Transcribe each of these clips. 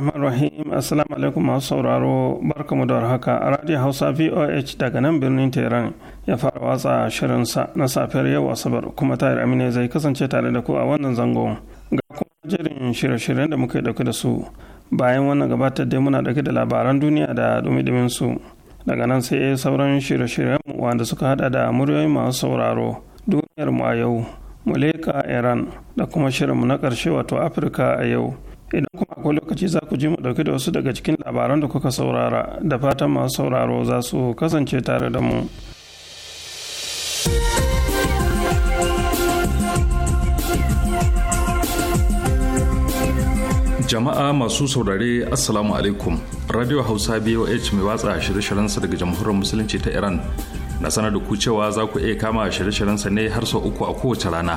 rahim assalamu alaikum masu sauraro barkamu da warhaka radio hausa voh daga nan birnin tehran ya fara watsa shirin sa na safiyar yau asabar kuma tahir amina zai kasance tare da ku a wannan zangon ga kuma jerin shirye-shiryen da muke dauke da su bayan wannan gabatar dai muna dauke da labaran duniya da dumi dumin su daga nan sai sauran shirye-shiryen mu wanda suka hada da muryoyin masu sauraro duniyar mu a yau muleka iran da kuma shirin mu na karshe wato afirka a yau idan kuma akwai lokaci za ku je mu dauke da wasu daga cikin labaran da kuka saurara da fatan masu sauraro za su kasance tare da mu jama'a masu saurare assalamu alaikum radio hausa boh mai watsa shirye sa daga jamhuriyar musulunci ta iran na sanar da ku cewa za ku iya kama shirye sa ne har sau uku a kowace rana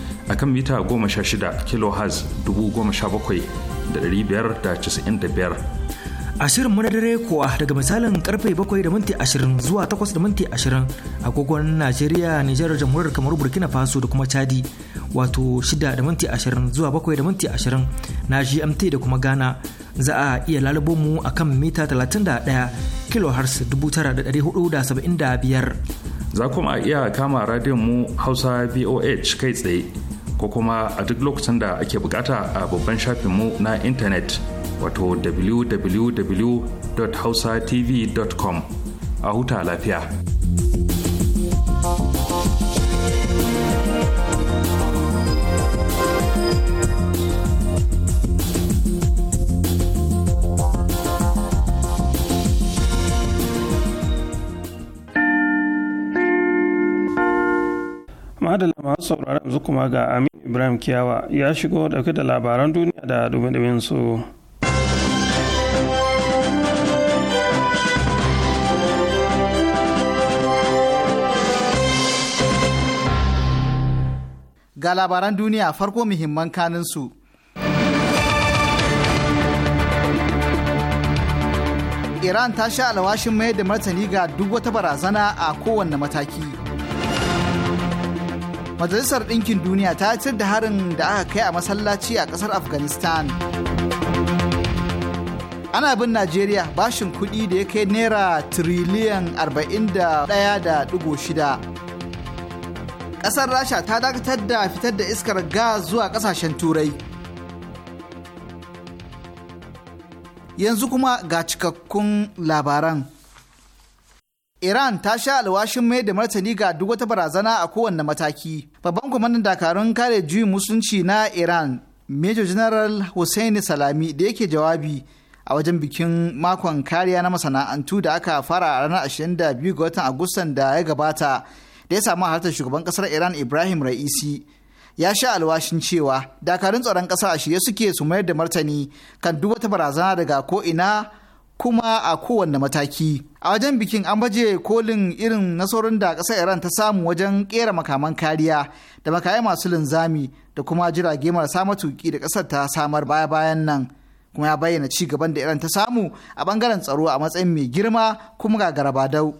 a kan mita 16 kilohertz 17,595 A shirin na dare kuwa daga misalin karfe 7 da minti 20 zuwa 8 da minti 20 agogon Najeriya, Nijar, Jamhuriyar Kamaru, Burkina Faso da kuma Chadi wato 6 da minti 20 zuwa 7 da minti 20 na GMT da kuma Ghana za a iya lalabo mu a kan mita 31 kilohertz 9475 za kuma iya kama radiyon mu Hausa boh kai tsaye ko kuma a duk lokacin da ake bukata a babban shafinmu na intanet wato www.hausatv.com a huta lafiya. Madalla masu sauraron yanzu ga Amin. ibrahim kiyawa ya shigo dauke da labaran duniya da dubin su ga labaran duniya farko muhimman kanin su iran ta sha alwashin mayar da martani ga duk wata barazana a kowanne mataki majalisar ɗinkin duniya ta cir da harin da aka kai a masallaci a ƙasar afghanistan ana bin najeriya bashin kuɗi da ya kai naira tiriliyan 41.6 ƙasar rasha ta dakatar da fitar da iskar gas zuwa ƙasashen turai yanzu kuma ga cikakkun labaran Iran ta sha alwashin mai da martani ga duk wata barazana a kowanne mataki. Babban kwamandan dakarun kare juyin musulunci na Iran, Major General Hussein Salami da yake jawabi a wajen bikin makon kariya na masana'antu da aka fara a ranar 22 ga watan Agustan da ya gabata da ya samu halartar shugaban kasar Iran Ibrahim Ra'isi. Ya sha alwashin cewa dakarun tsaron kasa a shirye suke su mayar da martani kan duk wata barazana daga ko ina kuma a kowanne mataki. A wajen bikin an baje kolin irin nasarorin da ƙasar Iran ta samu wajen ƙera makaman kariya da makaye masu linzami da kuma jirage marasa matuki da ƙasar ta samar baya-bayan nan. Kuma ya bayyana ci gaban da Iran ta samu a bangaren tsaro a matsayin mai girma kuma ga garabadau.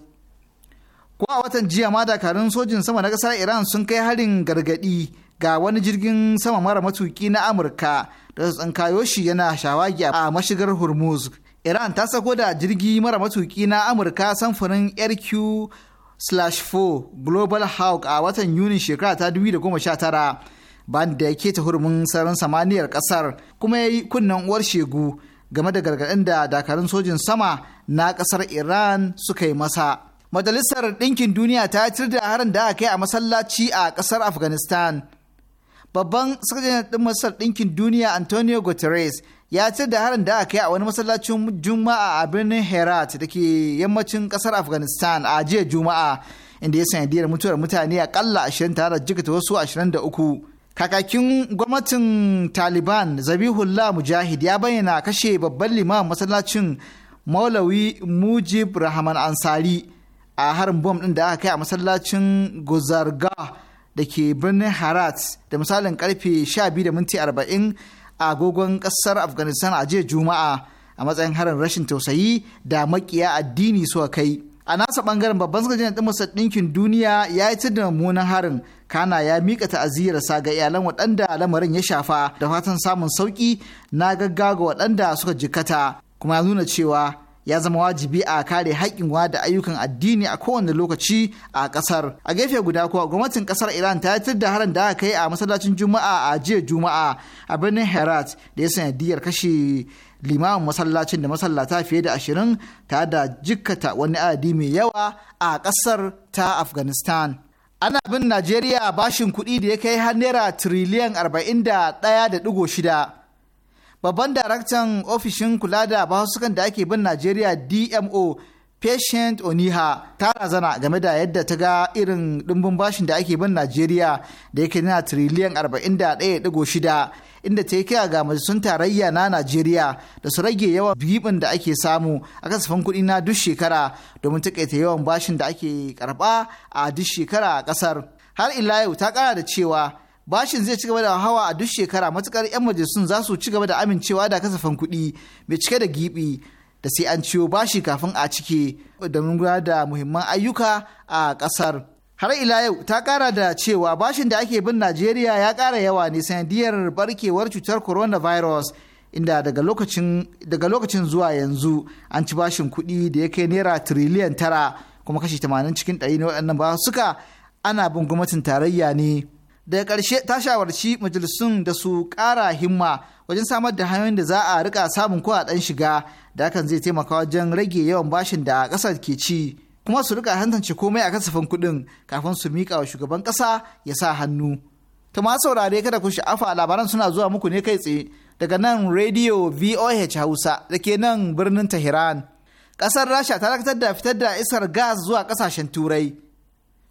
Ko a watan jiya ma dakarun sojin sama na ƙasar Iran sun kai harin gargaɗi ga wani jirgin sama mara matuki na Amurka da su tsinkayo shi yana shawagi a mashigar Hormuz. iran ta sako da jirgi mara matuki na amurka samfurin rq-4 global hawk a watan yunin shekara ta 2019 bayan da ya keta hurumin sararin samaniyar kasar kuma ya yi kunnen uwar shegu game da gargaɗin da dakarun sojin sama na kasar iran suka yi masa majalisar ɗinkin duniya ta cir da harin da aka kai a masallaci a kasar afghanistan babban sakajin ɗin majalisar ɗinkin duniya antonio guterres ya ce da harin da aka yi a wani masallacin juma'a a birnin herat da ke yammacin kasar afghanistan a jiya juma'a inda ya sanadiyar mutuwar mutane akalla ashirin tare da jikata wasu ashirin da uku kakakin gwamnatin taliban zabihullah mujahid ya bayyana kashe babban limamin masallacin maulawi mujib rahman ansari a harin bom din da aka kai a masallacin guzarga da ke birnin harat da misalin karfe 12 da minti 40 a agogon kasar afghanistan a jiya juma'a a matsayin harin rashin tausayi da makiya addini suka kai a nasa bangaren babban sakajin ɗin masa dinkin duniya ya yi da mummunan harin kana ya mika ta'aziyarsa ga iyalan waɗanda lamarin ya shafa da fatan samun sauki na gaggawa waɗanda suka jikkata kuma ya nuna cewa ya zama wajibi a kare haƙƙin wa da ayyukan addini a kowane lokaci a ƙasar a gefe guda kuwa gwamnatin ƙasar iran ta yi da harin da aka yi a masallacin juma'a a jiya juma'a a birnin herat da ya sanya diyar kashe limamin masallacin da masallata fiye da ashirin ta da jikkata wani adadi mai yawa a ƙasar ta afghanistan ana bin najeriya bashin kuɗi da ya kai har naira tiriliyan arba'in da ɗaya da ɗigo shida babban daraktan ofishin kula da bahasukan da ake bin najeriya dmo patient oniha ta razana game da yadda ta ga irin dimbin bashin da ake bin najeriya da yake na tiriliyan 41.6 inda ta yi kira ga majalisun tarayya na najeriya da su rage yawan bibin da ake samu a kasafin kuɗi na duk shekara domin takaita yawan bashin da ake karba a duk shekara a ƙasar har ila yau ta ƙara da cewa bashin zai ci gaba da hawa a duk shekara matukar 'yan majalisun za su ci gaba da amincewa da kasafin kuɗi mai cike da gibi da sai an ciwo bashi kafin a cike domin gudanar da muhimman ayyuka a ƙasar. Har ila yau ta kara da cewa bashin da ake bin Najeriya ya kara yawa ne sanadiyar barkewar cutar coronavirus inda daga lokacin daga lokacin zuwa yanzu an ci bashin kuɗi da ya kai naira tiriliyan tara kuma kashi 80 cikin ɗari na waɗannan ba suka ana bin gwamnatin tarayya ne. daga ƙarshe ta shawarci majalisun da su ƙara himma wajen samar da hanyoyin da za a rika samun ɗan shiga da hakan zai taimaka wajen rage yawan bashin da ƙasar ke ci kuma su rika hantance komai a kasafin kuɗin kafin su miƙa wa shugaban ƙasa ya sa hannu. Ta ma saurare kada ku sha'afa labaran suna zuwa muku ne kai tsaye daga nan Radio VOH Hausa da ke nan birnin Tehran. Ƙasar Rasha ta dakatar da fitar da isar gas zuwa ƙasashen Turai.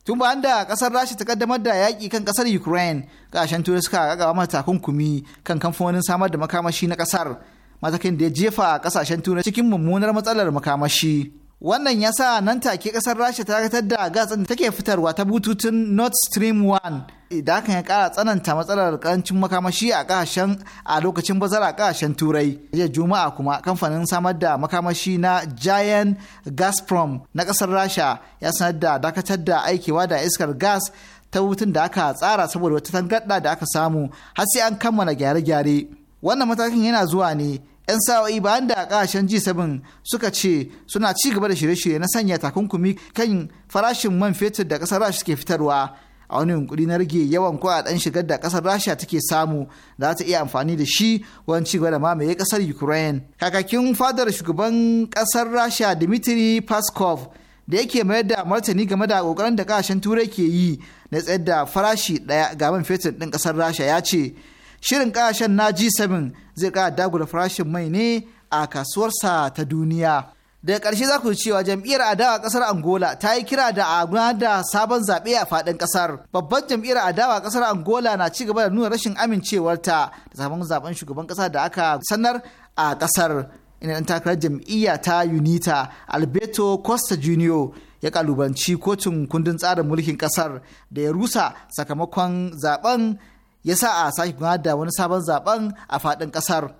tun ba da kasar rasha ta kaddamar da yaƙi kan kasar ukraine kasashen turai suka gaba mata takunkumi kan kamfanonin samar da makamashi na kasar matakin da ya jefa a kasashen turai cikin mummunar matsalar makamashi wannan ya sa nan take kasar rasha ta dakatar da gas da take fitarwa ta bututun nord stream 1 idan hakan ya kara tsananta matsalar karancin makamashi a kasashen a lokacin bazara a kasashen turai jiya juma'a kuma kamfanin samar da makamashi na giant gazprom na kasar rasha ya sanar da dakatar da aikewa da iskar gas ta hutun da aka tsara saboda wata tangarɗa da aka samu har sai an kammala gyare-gyare wannan matakin yana zuwa ne 'yan sa'o'i bayan da kasashen G7 suka ce suna ci gaba da shirye-shirye na sanya takunkumi kan farashin man fetur da kasar Rasha suke fitarwa a wani yunkuri na rage yawan kuɗaɗen shigar da ƙasar rasha take samu da za ta iya amfani da shi wajen ci gaba da mamaye ƙasar ukraine kakakin fadar shugaban ƙasar rasha dimitri paskov da yake mayar da martani game da kokarin da kasashen turai ke yi na tsayar da farashi daya ga man fetur ɗin ƙasar rasha ya ce shirin kasashen na g7 zai kara dagula farashin mai ne a kasuwarsa ta duniya daga ƙarshe za ku ji cewa jam'iyyar adawa ƙasar angola ta yi kira da a da sabon zaɓe a faɗin ƙasar babban jam'iyyar adawa ƙasar angola na ci gaba da nuna rashin amincewarta da sabon zaben shugaban ƙasa da aka sanar a ƙasar ina ɗan takarar jam'iyya ta unita alberto costa junior ya kalubanci kotun kundin tsarin mulkin ƙasar da ya rusa sakamakon zaben ya sa a sake gudanar da wani sabon zaɓen a faɗin ƙasar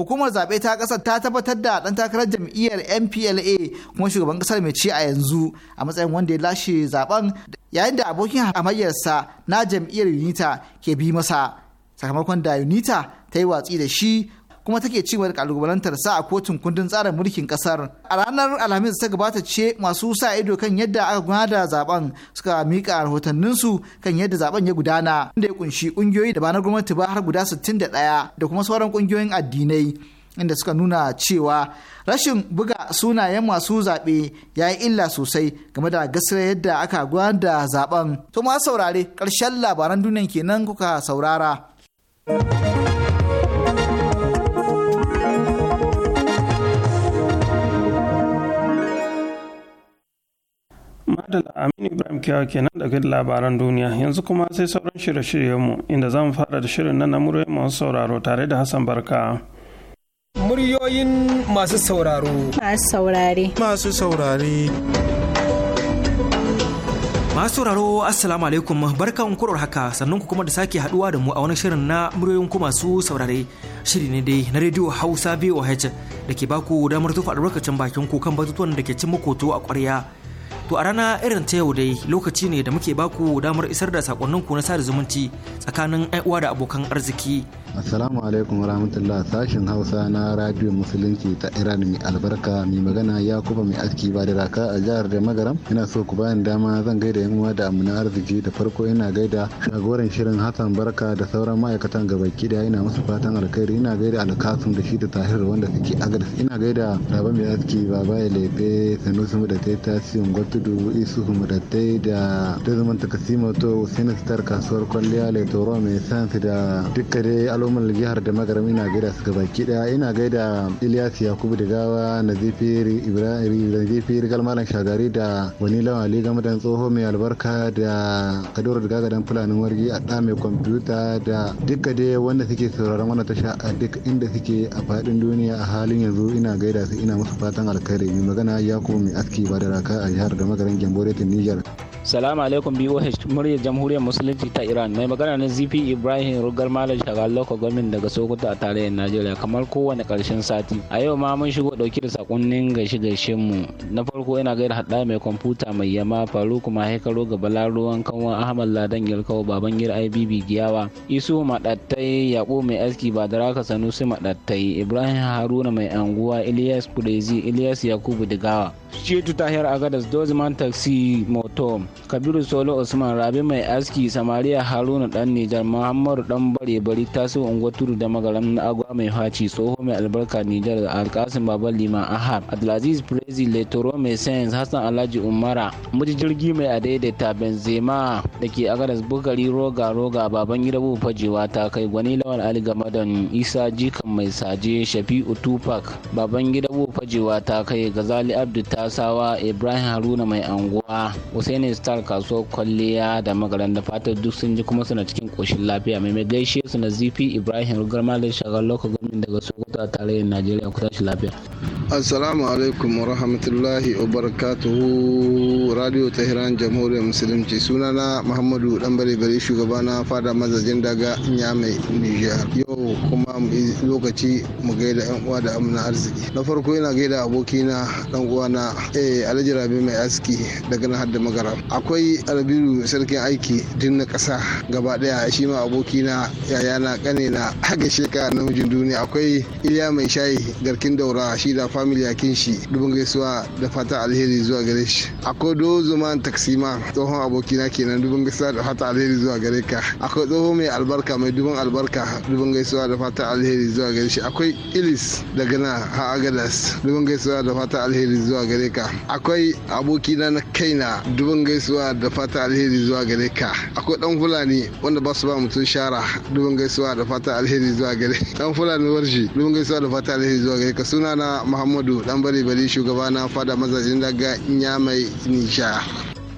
hukumar zaɓe ta ƙasar ta tabbatar da ɗan takarar jam'iyyar mpla kuma shugaban ƙasar mai ci a yanzu a matsayin wanda ya lashe zaben yayin da abokin hamayyarsa na jam'iyyar unita ke bi masa sakamakon da unita ta yi watsi da shi kuma take ci da kalubalantar sa a kotun kundin tsarin mulkin kasar a ranar alhamis ta gabata ce masu sa ido kan yadda aka gudanar da zaben suka mika rahotannin su kan yadda zaben ya gudana inda ya kunshi kungiyoyi da ba na gwamnati ba har guda 61 da kuma sauran kungiyoyin addinai inda suka nuna cewa rashin buga sunayen masu zaɓe ya yi illa sosai game da gasirar yadda aka gudanar da zaben. To ma saurare ƙarshen labaran duniya kenan kuka saurara. Adal Aminu Ibrahim Kiyawa kenan daga labaran duniya yanzu kuma sai sauran shirye-shiryenmu inda zan fara da shirin na muryoyin masu sauraro tare da Hassan Barka. Muryoyin masu sauraro. Masu saurare. Masu saurare. masu sauraro assalamu alaikum barkan kurar haka sannan ku kuma da sake haduwa da mu a wani shirin na muryoyin ku masu saurare shiri ne dai na rediyo hausa voh da ke baku damar tufa albarkacin bakin ku kan batutuwan da ke cin makoto a kwarya To a rana irin ta yau dai lokaci ne da muke baku damar isar da sakonninku na sada zumunci tsakanin uwa da abokan arziki Assalamu alaikum warahmatullah sashen Hausa na Radio Musulunci ta Iran mai albarka mai magana Yakuba mai aski ba da raka a jihar da magaram ina so ku bayan dama zan gaida yan uwa da amina arziki da farko ina gaida shagoran shirin Hassan Barka da sauran ma'aikatan gabaki da yana musu fatan alkhairi ina gaida alkasun da shi da Tahir wanda suke agadis ina gaida Raba mai aski Baba ya lefe sanusu mu da tai Tasiun Gwatudu isu mu da tai da ta Takasimo to sinistar kasuwar kwalliya Laitoro mai sansi da dukkan al'ummar jihar da magaram ina gaida su gabaki daya ina gaida ilyas yakubu da gawa nazifiri ibrahim galmalan shagari da wani lawan ali game da tsoho mai albarka da kadoro da Gagadan fulanin wargi a da mai kwamfuta da duka dai wanda suke sauraron wannan tasha a duk inda suke a faɗin duniya a halin yanzu ina gaida su ina musu fatan alkhairi mai magana yakubu mai aski ba da raka a jihar da magaran ta niger Salamu alaikum BOH muryar jamhuriyar musulunci ta Iran mai magana na ZP Ibrahim Rugar Malam Shagaloko gwamnati daga Sokoto a tarayyar Najeriya kamar kowane karshen sati. A yau ma mun shigo ɗauki da sakonnin gaishe gaishen mu. Na farko yana gaida hada mai kwamfuta mai yama faru kuma haikaro ga balaruwan kanwa Ahmad Ladan yalkawa baban gir IBB Giyawa. Isu madattai Yabo mai aski Badaraka Sanusi madattai Ibrahim Haruna mai anguwa Ilyas Kurezi Ilyas Yakubu Digawa. Shetu Tahir Agadas Dozman Taxi Motom kabiru solo usman rabi mai aski samariya haruna dan nijar muhammadu dan bare bari taso unguwa da magaram na agwa mai faci tsoho mai albarka nijar da alkasim baban liman ahab abdulaziz prezi letoro mai sayans hassan alhaji umara muji jirgi mai adaidaita benzema da ke agadas bukari roga roga baban gidabu fajewa ta kai gwani lawan ali gamadan isa jikan mai saje shafi'u tupac baban gidabu fajewa ta kai gazali abdu tasawa ibrahim haruna mai anguwa husaini star kasuwar kwalliya da magaran da fatar duk sun ji kuma suna cikin koshin lafiya mai mai gaishe su na zifi ibrahim rugar malin shagar lokacin daga sokoto a tarayyar najeriya ku shi lafiya. assalamu alaikum wa rahmatullahi wa barakatuhu radio tehran jamhuriyar musulunci sunana muhammadu bare bari shugaba na fada mazajen daga Nyamai, niger yau kuma lokaci mu gaida yan uwa da amina arziki na farko yana gaida abokina dan na. eh alhaji rabi mai aski daga nan hadda magara akwai albiru sarkin aiki din na kasa gaba daya shi ma abokina yayana kane na haga sheka namijin duniya akwai iliya mai shayi garkin daura shi da family a kin shi dubin gaisuwa da fata alheri zuwa gare shi akwai doho zuman taksima tsohon abokina kenan dubin gaisuwa da fata alheri zuwa gare ka akwai tsoho mai albarka mai dubin albarka dubin gaisuwa da fata alheri zuwa gare shi akwai ilis da gana ha agadas dubin gaisuwa da fata alheri zuwa gare ka akwai abokina na kaina dubin gaisuwa da fata alheri zuwa gare ka akwai dan fulani wanda ba su ba mutum shara dubin gaisuwa da fata alheri zuwa gare dan fulani warji dubin gaisuwa da fata alheri zuwa gare ka sunana muhammad muhammadu dan bari bari shugaba na fada mazajin daga nyamai mai nisha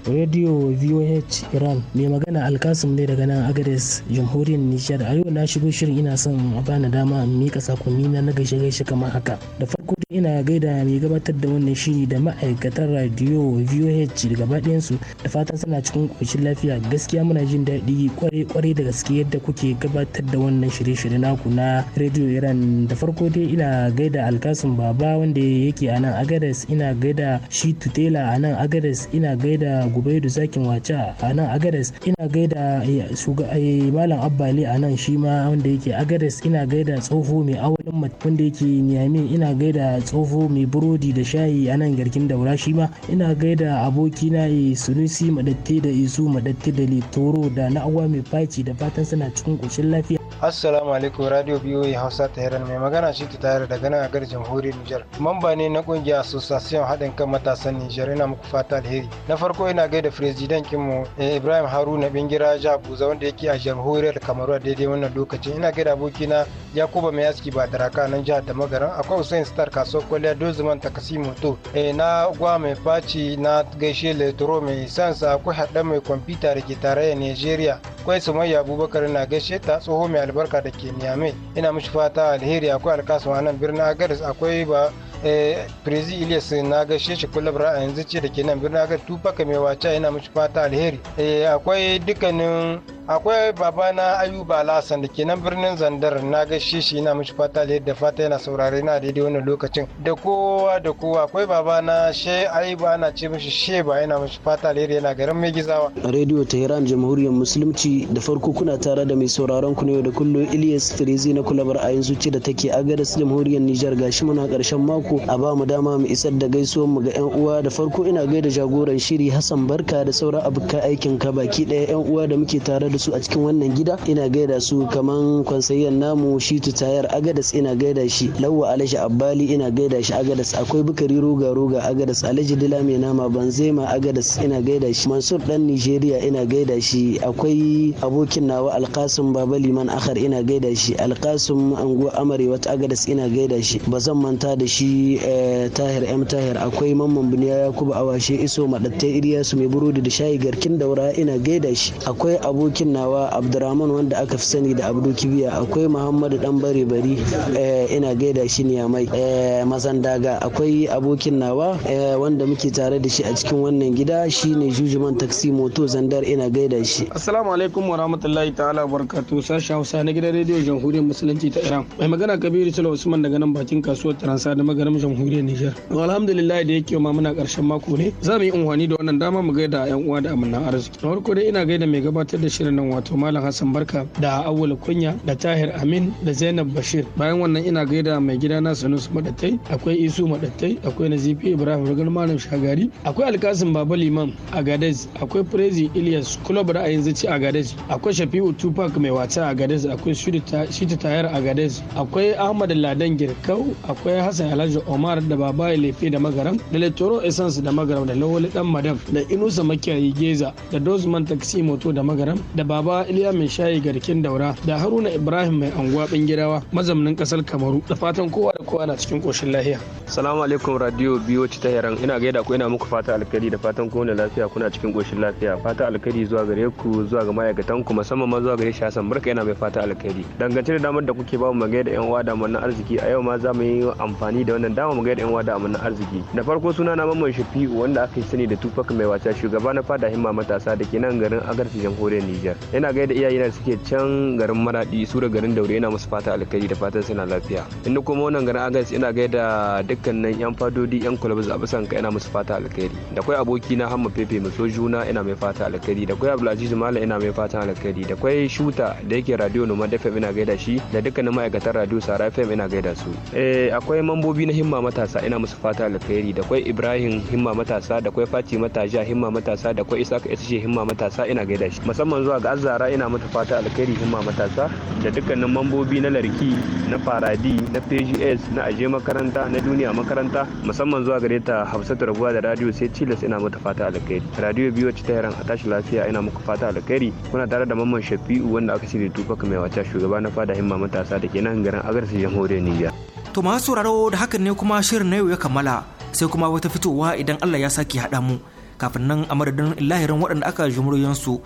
Radio VOH Iran mai magana Alkasum ne daga nan Agades Jamhuriyar Nijar. A yau na shigo shirin ina son a bani dama in mika sakonni na na gaishe gaishe kamar haka. Da farko ina gaida mai gabatar da wannan shiri da ma'aikatan radio VOH gaba ɗayansu da fatan suna cikin ƙoshin lafiya gaskiya muna jin daɗi kwarai-kwarai da gaske yadda kuke gabatar da wannan shirye-shirye naku na radio Iran da farko dai ina gaida Alkasim Baba wanda yake a nan Agades ina gaida shi Tutela a nan Agades ina gaida gubaidu zakin wace a nan agares ina gaida eh, eh, malam abbali a nan shi ma wanda yake agares ina gaida tsoho mai awalin wanda yake niyami ina gaida tsoho mai burodi da shayi a nan garkin daura shi ma ina gaida abokina eh, sunusi madatte da isu madatte da litoro da na'awa mai faci da fatan suna cikin koshin lafiya assalamu alaikum radio biyoyi hausa ta heran mai magana shi ta tare da nan agar jamhuriyar nijar mamba ne na kungiya association haɗin kan matasan nijar ina muku fata alheri na farko ina muna gaida firizidan kinmu eh, ibrahim haruna bingira jabuza wanda yake a jamhuriyar kamaru a daidai wannan lokacin ina gaida abokina yakuba mai aski ba daraka nan jihar da magaran akwai usain star kaso kwaliya dozuman takasi moto eh, na gwa mai faci na gaishe letro mai sansa akwai haɗa mai kwamfuta da ke tarayyar nigeria akwai sumayya abubakar na gaishe ta tsoho mai albarka da ke niyame ina mishi fata alheri akwai alkasuwa nan birnin agaris akwai ba Eh, prezi ilyas na gaishe shi kullum a yanzu ce da ke nan birnin agar tupaka mai wata yana mashi fata alheri eh, akwai dukkanin akwai babana ayuba lasan da ke nan birnin zandar na ga shi na mishi fata da yadda fata yana saurare na daidai wannan lokacin da kowa da kowa akwai babana she ayuba ana ce mishi she ba yana mishi fata da yana garin mai gizawa a radio tehran jamhuriyar musulunci da farko kuna tare da mai sauraron ku ne da kullum ilyas firizi na kulabar a yanzu ce da take agadas jamhuriyar nijar gashi muna karshen mako a ba mu dama mu isar da gaisuwan mu ga yan uwa da farko ina gaida jagoran shiri hassan barka da sauran abokan aikin ka baki ɗaya yan uwa da muke tare da su a cikin wannan gida ina gaida su kaman kwansayyan namu shitu tayar agadas ina gaida shi lawa alashi abbali ina gaida shi agadas akwai bukari roga roga agadas alaji dila mai nama banzema agadas ina gaida shi mansur dan nigeria ina gaida shi akwai abokin nawa alkasum baba liman akhar ina gaida shi alkasum anguwa amarewa ta agadas ina gaida shi ba zan manta da shi eh, tahir m tahir akwai mamman buniya yakubu awashe iso madattai iriyasu mai burodi da shayi garkin daura ina gaida shi akwai abokin abokin nawa abdurrahman wanda aka fi sani da abdu kibiya akwai muhammadu dan bare bari eh, ina gaida shi ne mai eh, mazandaga akwai abokin nawa eh, wanda muke tare da shi a cikin wannan gida shine jujuman taksi moto zandar ina gaida shi assalamu alaikum wa rahmatullahi ta'ala barkatu sashen hausa na gidan rediyo jamhuriyar musulunci ta iran mai magana kabiru sula usman daga nan bakin kasuwar taransa da magarin jamhuriyar nijar alhamdulillah da yake ma muna karshen mako ne za mu yi unhwani da wannan dama mu gaida yan uwa da amina arziki farko dai ina gaida mai gabatar da shirin nan wato Malam Hassan Barka da Awul Kunya da Tahir Amin da Zainab Bashir. Bayan wannan ina gaida mai gida na sanusu Madattai, akwai Isu Madattai, akwai Nazifi Ibrahim rigar Malam Shagari, akwai Alkasim Baba Liman a gades akwai Prezi ilias Kulob Ra'ayin zaci a gades akwai Shafi'u Tupac Mai Wata a gades akwai Shita Tayar a gades akwai Ahmad Ladan Girkau, akwai Hassan Alhaji Omar da Baba ilefe da Magaram, da Letoro Essence da Magaram da Lawali Dan Madam da Inusa Makiyayi Geza da Dozman Taxi Moto da Magaram da da baba Iliya mai shayi garkin daura da Haruna Ibrahim mai anguwa bingirawa mazamnin kasar Kamaru da fatan kowa da kowa na cikin koshin lafiya. Salamu alaikum radio biyo ta Heran ina gaida ku ina muku fata alkari da fatan kowa lafiya kuna cikin koshin lafiya fata alkali zuwa gare ku zuwa ga ma'aikatan ku musamman ma zuwa gare shasan Barka yana mai fata alkali. Dangance da damar da kuke bamu mu magana da yan uwa da mun arziki a yau ma za mu yi amfani da wannan dama mu ga yan uwa da mun arziki. Da farko suna na Mamman Shafi'u wanda aka yi sani da Tupac mai wata shugaba na fada himma matasa da ke nan garin Agarci jamhuriyar Nijar. yana Ina gaida iyayen da suke can garin Maradi su da garin Daure ina musu fata alkhairi da fatan suna lafiya. Inda kuma wannan garin Agas ina gaida dukkanin yan fadodi yan kulubus a bisan ka ina musu fata alkhairi. Da kai aboki na Hamma Pepe mu so juna ina mai fata alkhairi da kai Abdulaziz Malam ina mai fata alkhairi da kai Shuta da yake radio Noma yana ina gaida shi da dukkanin ma'aikatan radio Sara FM ina gaida su. Eh akwai mambobi na Himma matasa ina musu fata alkhairi da kai Ibrahim Himma matasa da kai Fati mataja Himma matasa da kai Isaac Eshe Himma matasa ina gaida shi. Musamman zuwa ga azara ina mata fata alkhairi himma matasa da dukkanin mambobi na larki na faradi na pgs na aje makaranta na duniya makaranta musamman zuwa gare ta hafsatu rabuwa da radio sai cilas ina mata fata alkhairi radio biyu wacce ta yaran a tashi lafiya ina muku fata alkhairi kuna tare da mamman shafi'u wanda aka shirya tufaka mai wata shugaba na fada himma matasa da ke nan garin agarsu jamhuriyar niger To masu sauraro da hakan ne kuma shirin na yau ya kammala sai kuma wata fitowa idan Allah ya sake haɗa mu kafin nan a madadin lahirin waɗanda aka jumuriyansu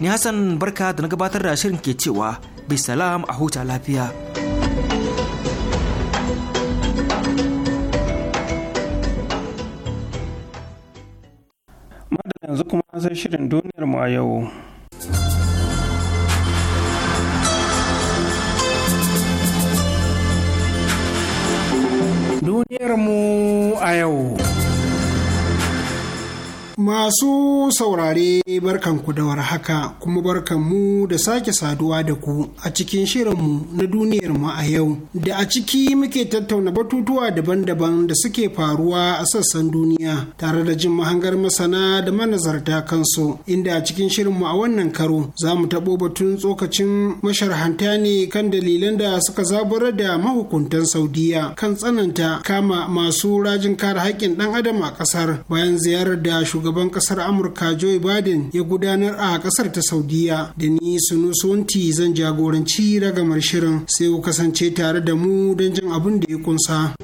ni hassan barka da na gabatar da shirin ke cewa bai salam a huta lafiya madalla yanzu kuma sai shirin duniyar mu a yau duniyar mu a yau Masu saurare barkanku da warhaka kuma barkanmu da sake saduwa da ku a cikin shirinmu na duniyarmu a yau da a ciki muke tattauna batutuwa daban-daban da suke faruwa a sassan duniya tare da jin mahangar masana da manazarta kansu inda a cikin shirinmu a wannan karo za mu taɓo batun tsokacin masharhanta ne kan dalilan da suka zabar da mahukuntan saudiya kan tsananta kama masu rajin kare haƙƙin ɗan adam a ƙasar bayan ziyarar da shugaban shugaban kasar amurka joe biden ya gudanar a kasar ta saudiya da ni sunusunti zan jagoranci ragamar shirin sai ku kasance tare da mu don jin abin da ya kunsa.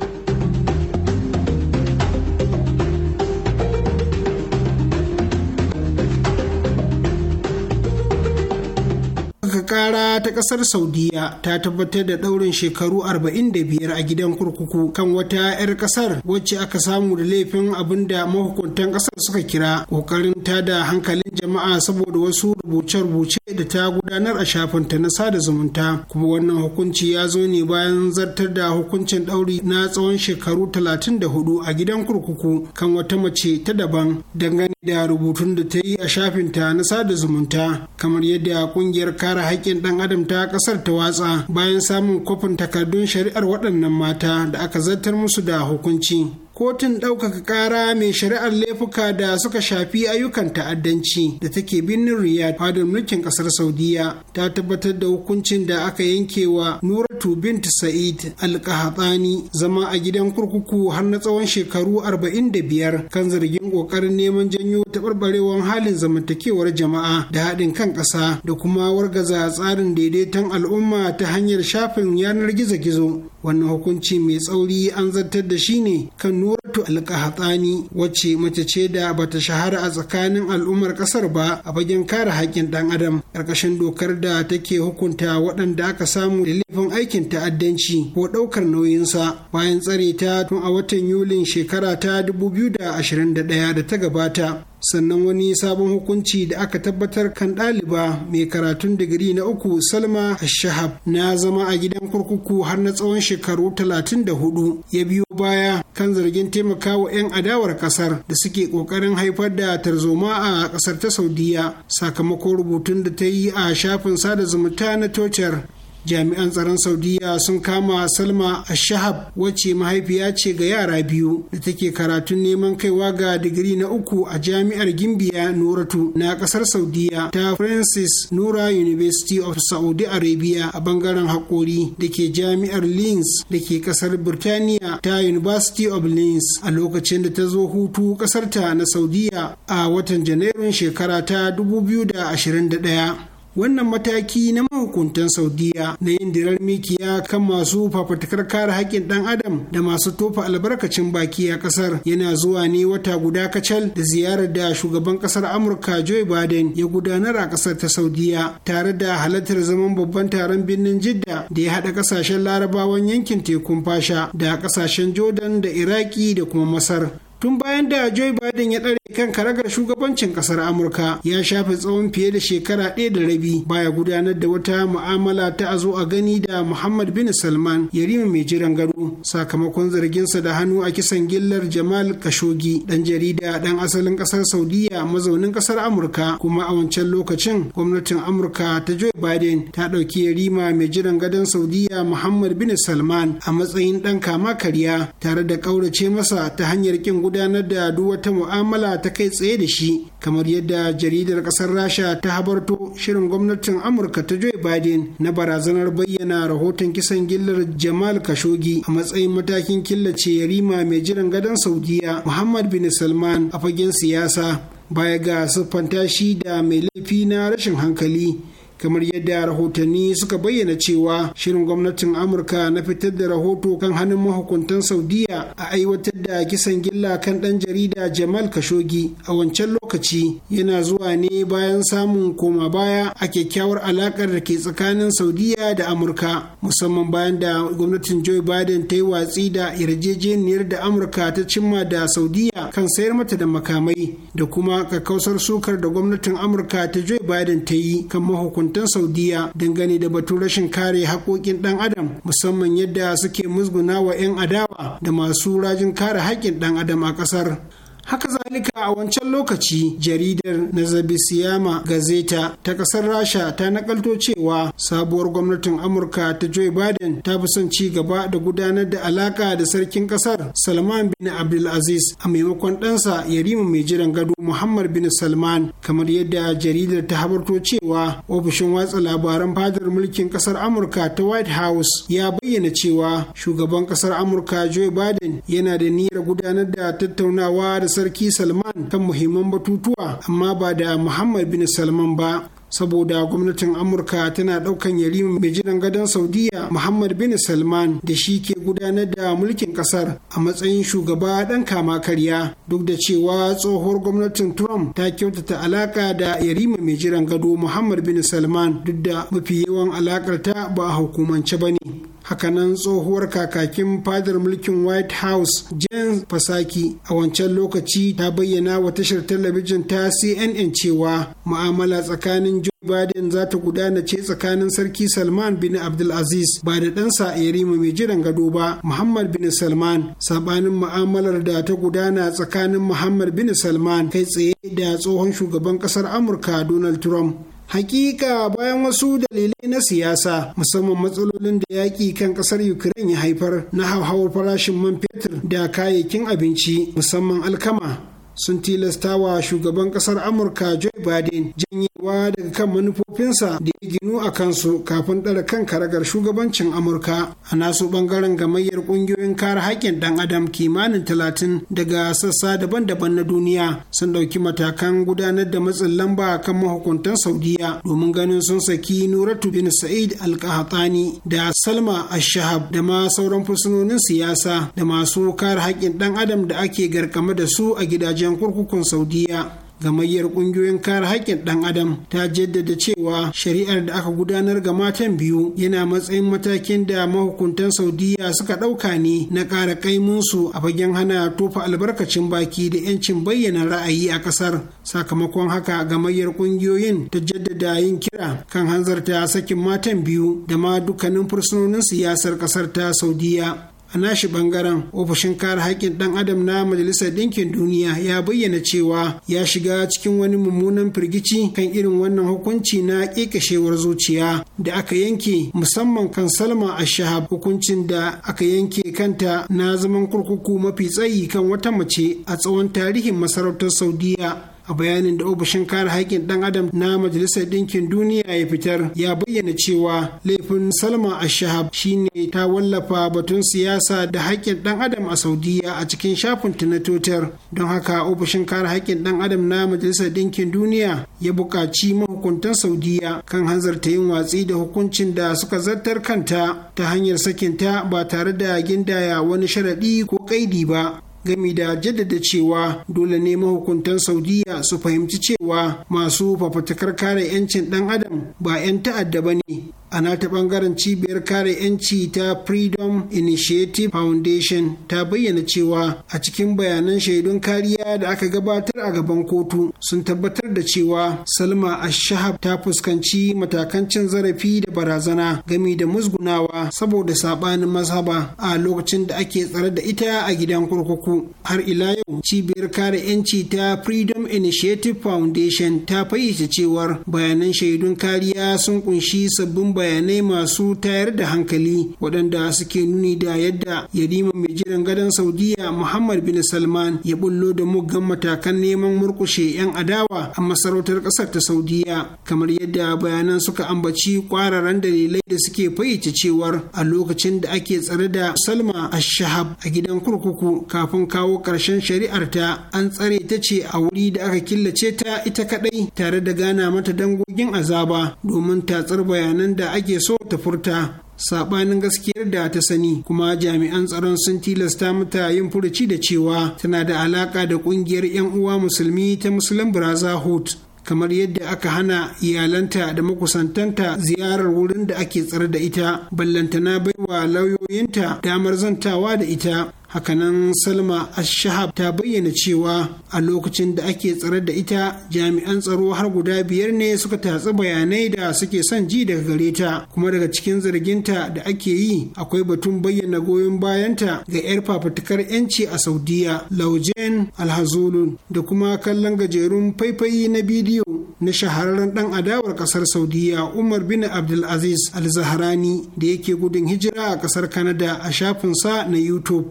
kara ta kasar saudiya ta tabbatar da daurin shekaru 45 a gidan kurkuku kan wata 'yar kasar wacce aka samu da laifin abin da mahukuntan kasar suka kira kokarin ta da hankalin jama'a saboda wasu rubuce-rubuce da ta gudanar a shafinta na sada zumunta kuma wannan hukunci ya zo ne bayan zartar da hukuncin dauri na tsawon shekaru 34 a gidan kurkuku kan wata mace ta daban dangane da rubutun da ta yi a shafinta na sada zumunta kamar yadda kungiyar kare haƙƙin ɗan adam ta ƙasar ta watsa bayan samun kofin takardun shari'ar waɗannan mata da aka zartar musu da hukunci kotun ɗaukaka ƙara mai shari'ar laifuka da suka shafi ayyukan ta'addanci da take birnin riyadh fadar mulkin ƙasar saudiya ta tabbatar da hukuncin da aka yanke wa nuratu bint sa'id alƙahatsani zama a gidan kurkuku har na tsawon shekaru arba'in da biyar, kan zargin ƙoƙarin neman janyo taɓarɓarewar halin zamantakewar jama'a da haɗin kan ƙasa da kuma wargaza tsarin daidaiton al'umma ta hanyar shafin yanar gizo-gizo wannan hukunci mai tsauri an zartar da shi ne kan nuratu alkahatsani wacce mace ce da bata shahara a tsakanin al'ummar kasar ba a fagen kare haƙƙin ɗan adam ƙarƙashin dokar da take hukunta waɗanda aka samu da laifin aikin ta'addanci ko ɗaukar nauyinsa bayan tsare ta tun a watan yulin shekara ta ɗaya da ta gabata sannan wani sabon hukunci da aka tabbatar kan ɗaliba mai karatun digiri na uku salma shahab na zama a gidan kurkuku har na tsawon shekaru talatin da hudu, ya biyo baya kan zargin taimakawa 'yan adawar kasar da suke ƙoƙarin haifar da tarzoma a kasar ta saudiya sakamakon rubutun da ta yi a shafin sada zumunta na tocar jami'an tsaron saudiya sun kama salma ashahab wacce mahaifiya ce ga yara biyu da take karatun neman kaiwa ga digiri na uku a jami'ar gimbiya nuratu na kasar saudiya ta francis nura university of saudi arabia a bangaren hakori da ke jami'ar lins da ke kasar birtaniya ta university of lins a lokacin da ta zo hutu kasarta na saudiya a watan janairun shekara ta 2021 wannan mataki na mahukuntan saudiya na yin dirar mikiya kan masu fafatakar kare haƙƙin ɗan adam da masu tofa albarkacin baki a ƙasar yana zuwa ne wata guda kacal da ziyarar da shugaban ƙasar amurka joe biden ya gudanar a ƙasar ta saudiya tare da halartar zaman babban taron birnin jidda da ya haɗa ƙasashen larabawan yankin tekun fasha da ƙasashen jordan da iraki da kuma masar tun bayan da Joe Biden ya ɗare kan karagar shugabancin ƙasar Amurka ya shafe tsawon fiye da shekara ɗaya da rabi baya gudanar da wata mu'amala ta azo a gani da Muhammad bin Salman yarima mai jiran gado sakamakon zarginsa da hannu a kisan gillar Jamal Khashoggi ɗan jarida ɗan asalin ƙasar Saudiya mazaunin ƙasar Amurka kuma a wancan lokacin gwamnatin Amurka ta Joe Biden ta ɗauki yarima mai jiran gadon Saudiya Muhammad bin Salman a matsayin ɗan kama karya tare da ƙaurace masa ta hanyar ƙin gudanar gudanar da duk wata mu'amala ta kai tsaye da shi kamar yadda jaridar kasar rasha ta habarto shirin gwamnatin amurka ta joe biden na barazanar bayyana rahoton kisan gillar jamal kashogi a matsayin matakin killace yarima mai jiran gadon saudiya muhammad bin salman a fagen siyasa baya ga siffanta shi da mai laifi na rashin hankali kamar yadda rahotanni suka bayyana cewa shirin gwamnatin amurka na fitar da rahoto kan hannun mahukuntan saudiya a aiwatar da kisan gilla kan dan jarida jamal kashogi a wancan lokaci yana zuwa ne bayan samun koma baya a kyakkyawar alakar da ke tsakanin saudiya da amurka musamman bayan da gwamnatin joe biden ta yi watsi da yarjejeniyar da amurka ta cimma da saudiya kan sayar mata da makamai da kuma kakkausar sukar da gwamnatin amurka ta joe biden ta yi kan mahukuntan mahukuntan saudiya dangane da batun rashin kare haƙoƙin ɗan adam musamman yadda suke musguna wa 'yan adawa da masu rajin kare haƙƙin ɗan adam a ƙasar haka zalika a wancan lokaci jaridar nazabisiyama gazeta ta kasar rasha ta nakalto cewa sabuwar gwamnatin amurka ta joe biden ta fi son ci gaba da gudanar da alaka da sarkin kasar salman bin abdulaziz a maimakon ɗansa yarima mai jiran gado muhammad bin salman kamar yadda jaridar ta habarto cewa ofishin watsa labaran fadar mulkin kasar amurka ta white house ya bayyana cewa shugaban kasar amurka joe biden yana da niyyar gudanar da tattaunawa da sarki salman kan muhimman batutuwa amma ba da muhammad bin salman ba saboda gwamnatin amurka tana daukan yarima mai jiran gadon saudiya muhammad bin salman da shi ke gudanar da mulkin kasar a matsayin shugaba dan kama karya duk da cewa tsohuwar gwamnatin trump ta kyautata alaka da yarima mai jiran gado muhammad bin salman duk da mafi yawan alakar ta ba a hukumance ba ne hakanan tsohuwar kakakin fadar mulkin white house jen fasaki a wancan lokaci ta bayyana wa tashar talabijin ta cnn cewa mu'amala tsakanin joe biden za ta gudana ce tsakanin sarki salman bin abdulaziz ba da ɗansa yarima mai jiran gado ba muhammad bin salman sabanin mu'amalar da ta gudana tsakanin muhammad bin salman kai tsaye da tsohon shugaban ƙasar amurka donald trump Hakika bayan wasu dalilai na siyasa musamman matsalolin da yaƙi kan ƙasar Ukraine ya haifar na hauhawar farashin man fetur da kayayyakin abinci musamman alkama sun tilasta wa shugaban kasar amurka joe biden janyewa daga kan manufofinsa da ya ginu a kansu kafin ɗara kan karagar shugabancin amurka a nasu ɓangaren gamayyar ƙungiyoyin kare haƙƙin ɗan adam kimanin talatin daga sassa daban-daban na duniya sun ɗauki matakan gudanar da matsin lamba kan mahukuntan saudiya domin ganin sun saki nuratu bin sa'id al da salma ashahab da ma sauran fursunonin siyasa da masu kare haƙƙin ɗan adam da ake garkama da su a gidajen wajen kurkukun saudiya gamayyar kungiyoyin kare haƙƙin ɗan adam ta jaddada cewa shari'ar da aka gudanar ga matan biyu yana matsayin matakin da mahukuntan saudiya suka ɗauka ne na ƙara kaimunsu a fagen hana tofa albarkacin baki da 'yancin bayyana ra'ayi a ƙasar sakamakon haka gamayyar kungiyoyin ta jaddada yin kira kan hanzarta sakin matan biyu da ma dukkanin fursunonin siyasar ƙasar ta saudiya a nashi bangaren ofishin kare haƙƙin ɗan adam na majalisar ɗinkin duniya ya bayyana cewa ya shiga cikin wani mummunan firgici kan irin wannan hukunci na ƙeƙashewar zuciya da aka yanke musamman kan salma a shahab hukuncin da aka yanke kanta na zaman kurkuku mafi tsayi kan wata mace a tsawon tarihin masarautar saudiya a bayanin da ofishin kare haƙƙin ɗan adam na majalisar ɗinkin duniya ya fitar ya bayyana cewa laifin salma ashahab shine ta wallafa batun siyasa da haƙƙin ɗan adam a saudiya a cikin shafin ta na twitter don haka ofishin kare haƙƙin ɗan adam na majalisar ɗinkin duniya ya buƙaci mahukuntan saudiya kan hanzarta yin watsi da hukuncin da suka zartar kanta ta hanyar sakinta ba tare da gindaya wani sharaɗi ko ƙaidi ba gami da jaddada cewa dole ne mahukuntan saudiya su fahimci cewa masu fafatakar kare 'yancin ɗan adam ba 'yan ta'adda ba ne ana ta bangaren cibiyar kare 'yanci ta freedom initiative foundation ta bayyana cewa a cikin bayanan shaidun kariya da aka gabatar a gaban kotu sun tabbatar da cewa salma as-Shahab ta fuskanci matakan cin zarafi da barazana gami da musgunawa saboda saɓanin mazhaba a lokacin da ake tsare da ita a gidan kurkuku har ila yau cibiyar kare 'yanci ta freedom initiative foundation ta fayyace cewar bayanan shaidun kariya sun kunshi sabbin bayanai masu tayar da hankali waɗanda suke nuni da yadda yarima mai jiran gadon saudiya muhammad bin salman ya bullo da muggan matakan neman murkushe 'yan adawa a masarautar ƙasar ta saudiya kamar yadda bayanan suka ambaci kwararan dalilai da suke fayyace cewar a lokacin da ake tsare da salma shahab a gidan kurkuku kafin kawo ƙarshen shari'arta an tsare ta ce a wuri da aka killace ta ita kaɗai tare da gana mata dangogin azaba domin tatsar bayanan da da ake so ta furta sabanin gaskiyar da ta sani kuma jami'an tsaron sun tilasta mata yin furuci da cewa tana da alaka da kungiyar 'yan uwa musulmi ta muslim brotherhood kamar yadda aka hana iyalanta da makusantanta ziyarar wurin da ake tsare da ita ballantana baiwa lauyoyinta damar zantawa da ita hakanan salma ashahab ta bayyana cewa a lokacin da ake tsare da ita jami'an tsaro har guda biyar ne suka tatsi bayanai da suke son ji daga gare ta kuma daga cikin zarginta da ake yi akwai batun bayyana goyon bayanta ga 'yar fafutukar 'yanci a saudiya laujen alhazulun da kuma kallon gajerun faifayi na bidiyo na shahararren dan adawar kasar saudiya umar bin abdulaziz al-zahrani da yake gudun hijira a kasar kanada a shafinsa na youtube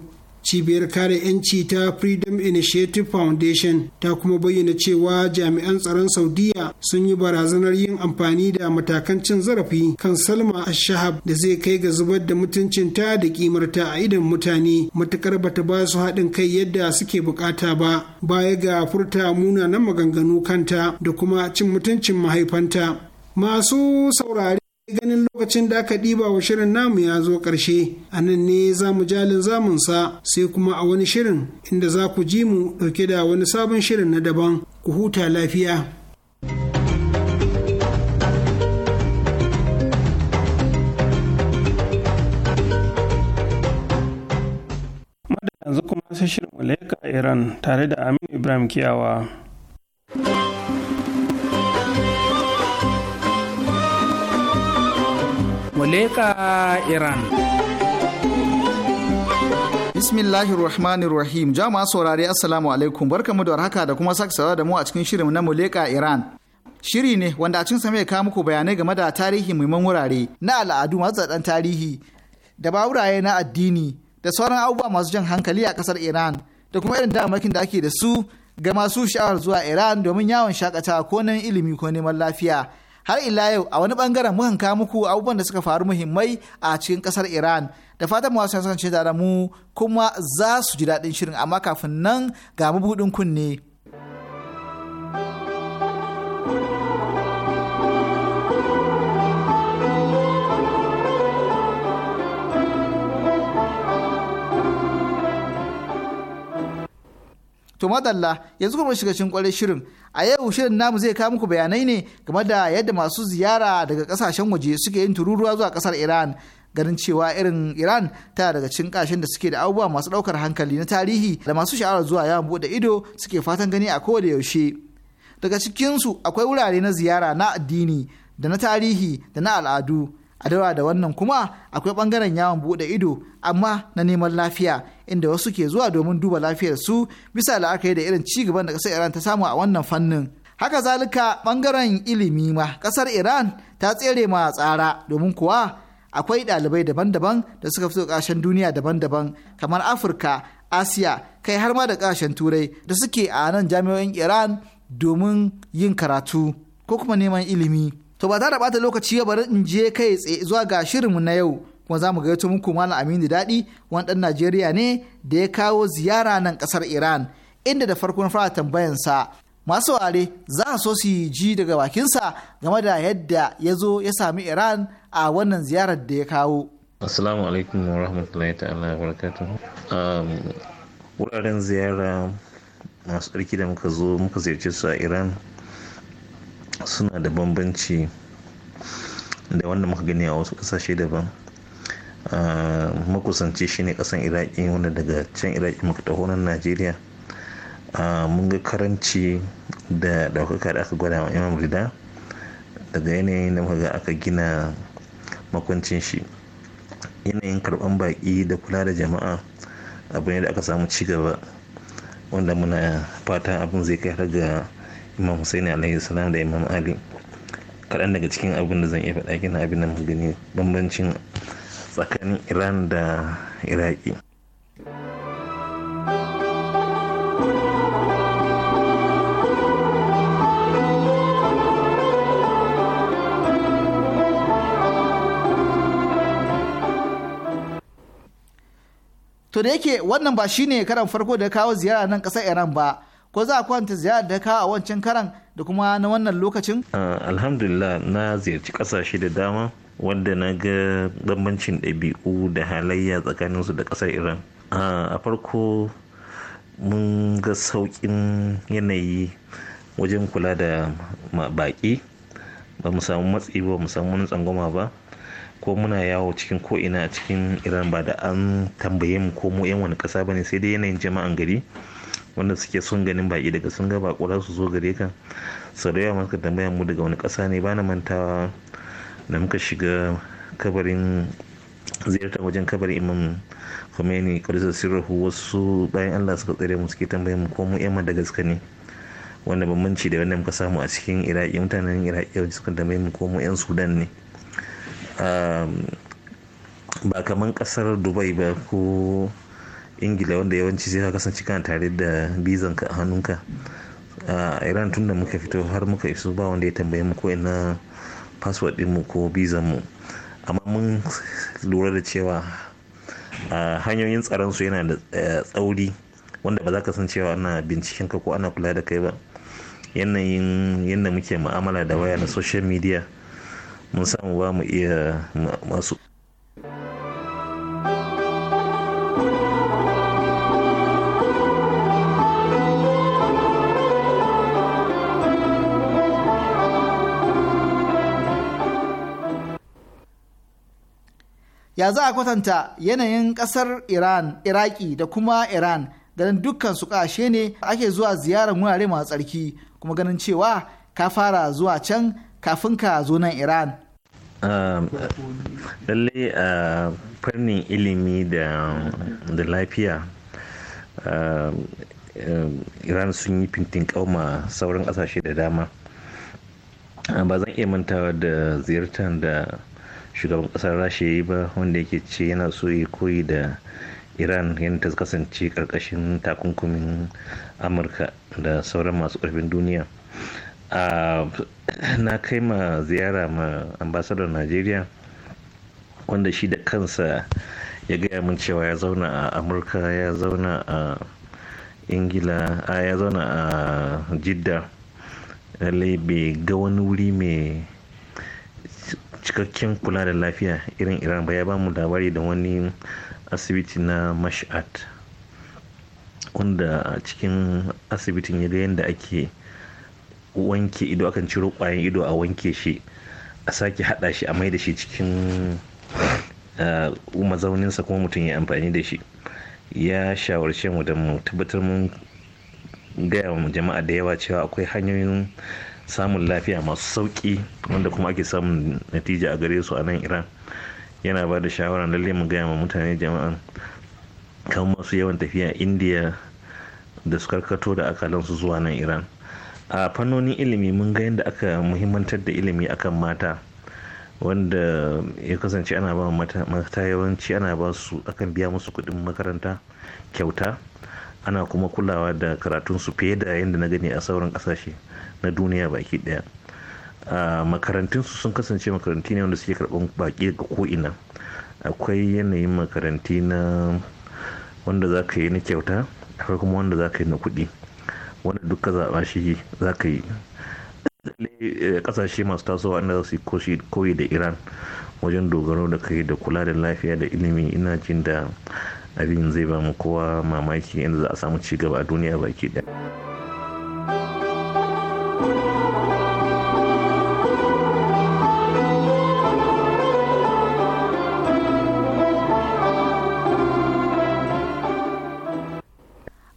cibiyar kare 'yanci ta freedom initiative foundation ta kuma bayyana cewa jami'an tsaron saudiya sun yi barazanar yin amfani da matakan cin zarafi kan salma al-Shahab da zai kai ga zubar da mutuncin ta da ta a idon mutane matukar bata ba su haɗin kai yadda suke bukata ba baya ga furta munanan maganganu kanta da kuma cin mutuncin mahaifanta masu saurare ganin lokacin da aka ɗiba wa shirin namu ya zo ƙarshe a nan ne za mu jalin zamunsa sai kuma a wani shirin inda za ku ji mu ɗauke da wani sabon shirin na daban ku huta lafiya. yanzu kuma sai shirin a Iran tare da Aminu Ibrahim Kiyawa. Muleka Iran. Bismillahir Rahmanir Rahim. Jama'a saurare Assalamu alaikum. Barkamu da warhaka da kuma sake saurara da mu a cikin shirin na Muleka Iran. Shiri ne wanda a cikin sa mai kawo muku bayanai game da tarihi muhimman wurare na al'adu masu tsadan tarihi da bawuraye na addini da sauran abubuwa masu jan hankali a kasar Iran da kuma irin damakin da ake da su ga masu sha'awar zuwa Iran domin yawon shakatawa ko nan ilimi ko neman lafiya. har ila yau a wani bangaren mukan kawo muku abubuwan da suka faru muhimmai a cikin kasar iran da fatan masu kasance tare mu kuma za su ji daɗin shirin amma kafin nan ga mabuɗin kunne. To madalla yanzu kuma shiga cikin kwarai shirin a yau shirin namu zai kawo muku bayanai ne game da yadda masu ziyara daga kasashen waje suke yin tururuwa zuwa kasar iran ganin cewa irin iran ta daga cikin kashin da suke da abubuwa masu daukar hankali na tarihi da masu sha'awar zuwa yawon bude ido suke fatan gani a kowane yaushe daga cikinsu akwai wurare na ziyara na addini da na tarihi da na al'adu a daura da wannan kuma akwai bangaren yawon bude ido amma na neman lafiya inda wasu ke zuwa domin duba lafiyar su bisa la'akari da irin ci gaban da ƙasar iran ta samu a wannan fannin haka zalika bangaren ilimi ma ƙasar iran ta tsere ma tsara domin kuwa akwai ɗalibai daban-daban da suka fito kasashen duniya daban-daban kamar afirka asiya kai har ma da kasashen turai da suke a nan jami'o'in iran domin yin karatu ko kuma neman ilimi to ba za da bata lokaci ya bari in je kai tsaye zuwa ga shirinmu na yau kuma za mu gaito muku malam aminu daɗi wani ɗan najeriya ne da ya kawo ziyara nan ƙasar iran inda da farkon fara tambayansa masu ware za a so su ji daga bakinsa game da yadda ya zo ya sami iran a wannan ziyarar da ya kawo assalamu alaikum wa rahmatullahi ta'ala wa um, wuraren ziyara masu tsarki da muka zo muka ziyarce su a iran suna da bambanci da wanda muka gani a wasu kasashe daban ah, makusanci shine kasan iraki wanda daga can iraki muka taho nan najeriya ah, mun ga karanci da daukaka da aka gwada wa imam rida daga yanayin da muka ga aka gina makwancin shi yanayin karban baki da kula da jama'a abu ne da aka samu cigaba wanda muna fatan abin zai kai har ga imam husaini alaihi salam da imam ali kaɗan daga cikin abin da zan iya faɗa gina abin da gani bambancin tsakanin iran da iraki to da yake wannan ba shine karan farko da kawo ziyara nan ƙasar iran ba ko za a kwanta ziyarar da ka a wancan karan da kuma na wannan lokacin? Ah, alhamdulillah na ziyarci kasashe da dama wanda na ga bambancin ɗabi'u da halayya tsakaninsu da ƙasar iran ah, a farko mun ga sauƙin yanayi wajen kula da baƙi ba mu samu matsi ba mu samu wani tsangwama ba ko muna yawo cikin ko'ina a cikin iran ba da an tambaye mu ko mu 'yan wani ƙasa ba ne sai dai yanayin jama'an gari wanda suke son ganin baki daga sun ga bakura su zo gare ka sau da yawa muka tambaya mu daga wani kasa ne bana mantawa da muka shiga kabarin ziyartar wajen kabarin imam Khomeini kwadisa sirrahu wasu bayan Allah suka tsere mu suke tambayar mu ko mu yan Madagascar ne wanda bambanci da wanda muka samu a cikin Iraki mutanen Iraki yau suka tambaye mu ko yan Sudan ne ba kaman kasar Dubai ba ko ingila wanda yawanci sai ka kasance kana tare da bizan ka a hannunka a iran tunda muka fito har muka iso ba wanda ya tambaye mu ko ina password mu ko bizan mu amma mun lura da cewa hanyoyin tsaron su yana da eh, tsauri wanda ba za ka san cewa ana binciken ka ko ana kula da kai ba yanayin yadda muke mu'amala da waya na social media mun samu ba mu iya masu ya za a kwatanta yanayin kasar iran iraki da kuma iran ganin dukkan su kashe ne ake zuwa ziyarar wurare masu tsarki kuma ganin cewa ka fara zuwa can kafin ka zo nan iran um, lallai a uh, fannin ilimi da lafiya um, um, iran sun yi fintin kauma sauran kasashe da dama uh, ba zan iya mantawa da ziyartar da shugaban kasar rasha yi ba wanda yake ce yana so ya koyi da iran yadda ta kasance karkashin takunkumin amurka da sauran masu karfin duniya na kai ma ziyara ma ambasadar najeriya wanda shi da kansa ya gaya mun cewa ya zauna a amurka ya zauna a ingila ya zauna a jidda lalle bai ga wani wuri mai cikakken kula da lafiya irin iran ba ya ba mu labari da wani asibiti na mash'at wanda cikin asibitin ya ga yadda ake wanke ido akan ciro kwayan ido a wanke shi a sake hada shi a mai da shi cikin ah, mazauninsa kuma mutum ya amfani da shi ya shawarce mu da mu tabbatar mun gaya wa jama'a da yawa cewa akwai hanyoyin samun lafiya masu sauƙi wanda kuma ake samun natija a gare su a nan iran yana ba da shawara lalle mu gaya ma mutane jama'a kan masu yawan tafiya indiya da su karkato da akalansu zuwa nan iran a fannonin ilimi mun ga yadda aka muhimmantar da ilimi akan mata wanda ya kasance ana ba mata yawanci ana ba su akan biya musu kuɗin makaranta kyauta ana kuma kulawa da karatunsu fiye da yadda na gani a sauran ƙasashe na duniya baki daya makarantunsu sun kasance makaranti ne wanda suke karɓar baki ga ko'ina akwai yanayin makaranti na wanda za ka yi na kyauta akwai kuma wanda za ka yi na kuɗi wanda duka zaɓa shi za ka yi eh, ƙasashe masu tasowa inda za su yi koyi da iran wajen dogaro da kai da kula da lafiya da ilimi ina jin da abin zai ba mu kowa mamaki inda za a samu cigaba a duniya baki ɗaya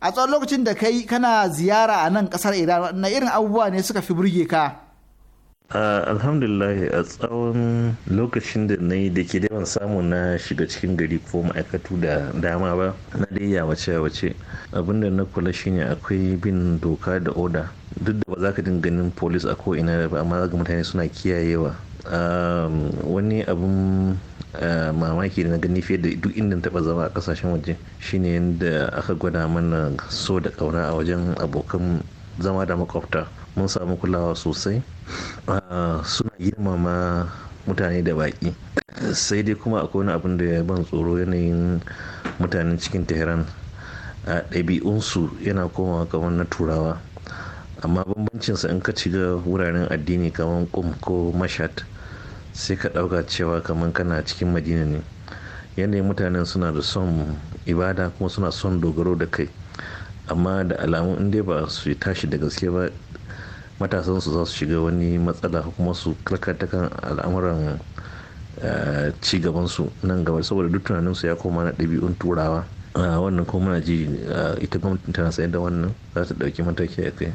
a tsawon lokacin da kai kana ziyara a nan kasar iran na irin abubuwa ne suka fi burge ka alhamdulillah a tsawon lokacin da na yi da ke da samu na shiga cikin gari ko ma'aikatu da dama ba na dai ya wace ya wace abinda na kula shine akwai bin doka da oda duk da ba za ka dinga ganin polis a ko ina ba amma za mutane suna kiyayewa wani abin eh, mamaki da na gani fiye da duk inda taba zama a kasashen waje shine yadda aka gwada mana so da kauna a wajen abokan zama da makwabta mun samu kulawa sosai ah, suna girmama mutane da baki sai dai kuma akwai wani abin da ya ban tsoro yanayin mutanen cikin tehran a ɗabi'unsu yana komawa kamar na turawa amma bambancinsa in ka ci ga wuraren addini kamar kum ko mashat sai ka ɗauka cewa kamar kana cikin madina ne yanayin mutane suna da son ibada kuma suna son dogaro da kai amma da alamu in dai ba su tashi da gaske ba matasan su za su shiga wani matsala kuma su karkata kan al'amuran eh, ci gabansu nan gaba saboda duk tunaninsu ya koma na ɗabi'un turawa ah, wannan kuma muna ji ah, ita gwamnati tana sayar da wannan za ta ɗauki mataki a kai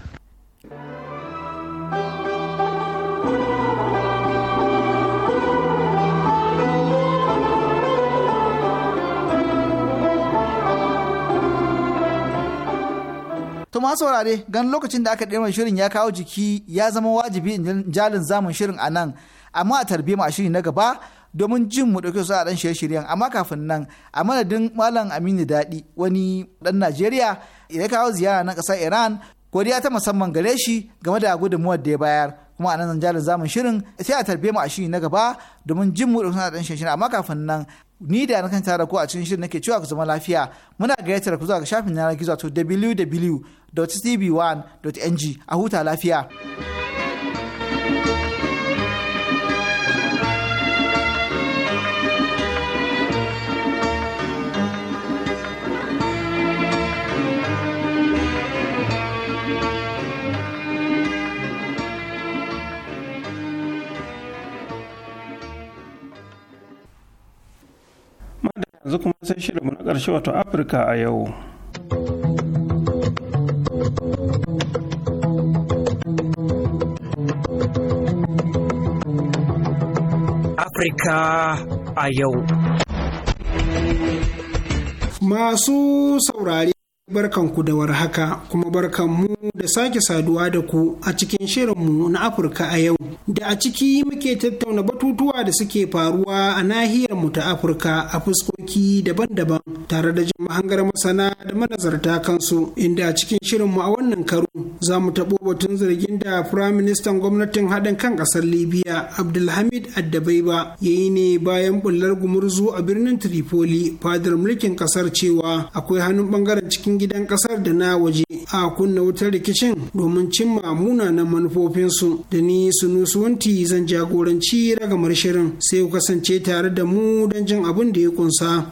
ma saurare gan lokacin da aka ɗirma shirin ya kawo jiki ya zama wajibi in jalin zamun shirin a nan amma a tarbe mu a shiri na gaba domin jin mu ɗauke su a ɗan shirye-shiryen amma kafin nan a madadin malam aminu daɗi wani ɗan najeriya ya kawo ziyara na ƙasar iran godiya ta musamman gare shi game da gudunmuwar da ya bayar kuma a nan jalin zamun shirin sai a tarbe mu a shiri na gaba domin jin mu ɗauke su a ɗan shirye-shiryen amma kafin nan ni da na kanta da ku a cikin shirin nake cewa ku zama lafiya muna gayyatar ku zuwa ga shafin yanar gizo to www.tv1.ng a huta lafiya. yanzu kuma sai shirinmu na ƙarshe wato afirka a yau Afirka a yau. Masu saurari barkanku da warhaka kuma barkanmu da sake saduwa da ku a cikin shirinmu na Afirka a yau. Da a ciki muke tattauna batutuwa da suke faruwa a nahiyar mu ta Afirka a fuskar fuskoki daban-daban tare da jin mahangar masana da manazarta kansu inda a cikin mu a wannan karo za mu taɓo batun zargin da firaministan gwamnatin haɗin kan ƙasar libya abdulhamid addabaiba ya yi ne bayan bullar gumurzu a birnin tripoli fadar mulkin ƙasar cewa akwai hannun ɓangaren cikin gidan ƙasar da na waje a kunna wutar rikicin domin cimma munanan manufofinsu da ni suwanti zan jagoranci ragamar shirin sai ku kasance tare da mu don jin abin da ya kunsa.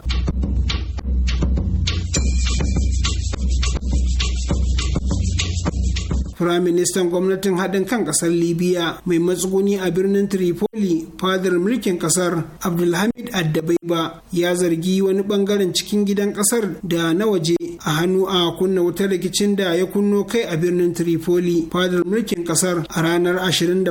firaministan gwamnatin haɗin kan ƙasar libya mai matsuguni a birnin tripoli fadar mulkin ƙasar abdulhamid addabaiba ya zargi wani ɓangaren cikin gidan ƙasar da na waje a hannu a kunna wutar rikicin da ya kunno kai a birnin tripoli fadar mulkin ƙasar a ranar 27